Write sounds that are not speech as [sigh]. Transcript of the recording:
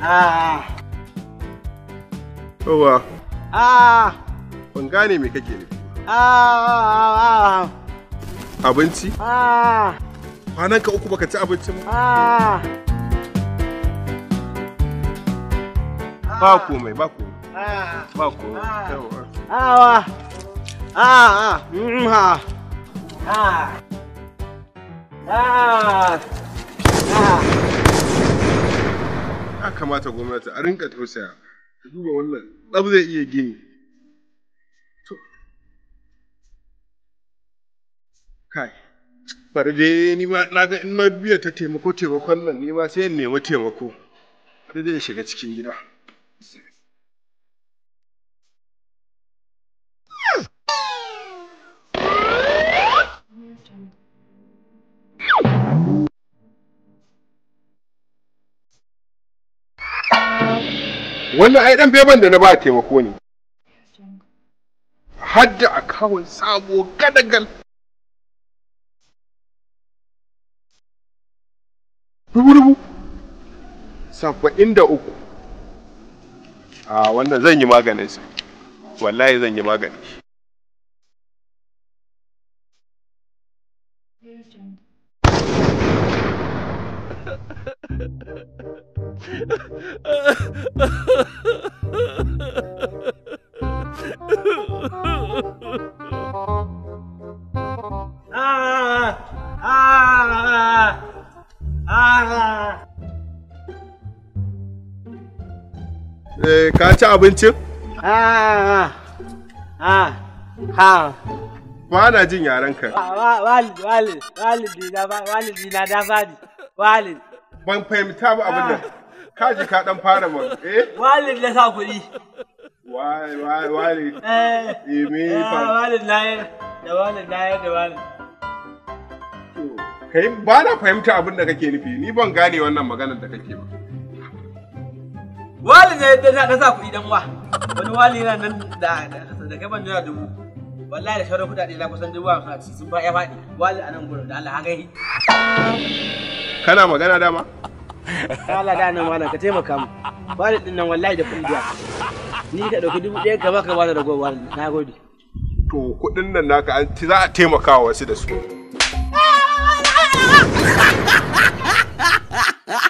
Ah. Yawwa. Ah. Ban gane me kake ne. Ah, ah, ah, ah. Abinci? Ah. Kwanan ka uku baka ci abincin mu? Ah. Ba komai, ba komai. Ah. Ba komai. Yawwa. Ah. Ah. Ah. Ah. Mm-hmm. Ah. Ah. kamata gwamnati a rinka tausaya ta duba wannan ɗab zai iya gini to kai bari dai ni ma na ga in biya ta taimako taimakon nan ni ma sai in nemi taimako sai zai shiga cikin gida wannan ai dan beban da na ba taimako ne hadda a kawai sabo gadagal rubu-rubu saba'in da uku a wannan zan yi maganin sa wallahi zan yi magani Ha ha ha. Ka ci abincin? Ah, Ba na jin yarenka. Walid, walid, walid, walid, Ban fahimta ba abin da. kaji ka dan fara ba eh walid na sa kuɗi wai wai walid eh, eh me ah, fa walid na da walid na da walid kai ba na fahimta abin da kake nufi ni ban gane wannan maganar da kake ba wali ne da na sa kuɗi dan wa wani wali na nan da da kai ban jira dubu wallahi da sauran kuɗaɗe na kusan dubu hamsin sun ba ya faɗi wali a nan gurin da Allah ha gai. kana magana dama Allah da nan malam ka taimaka mu ba din nan wallahi da kuɗi ni ka dauki dubu ɗaya ka baka ba da ragowa na gode to kuɗin nan naka an za a taimaka wa wasu da su [laughs]